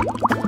you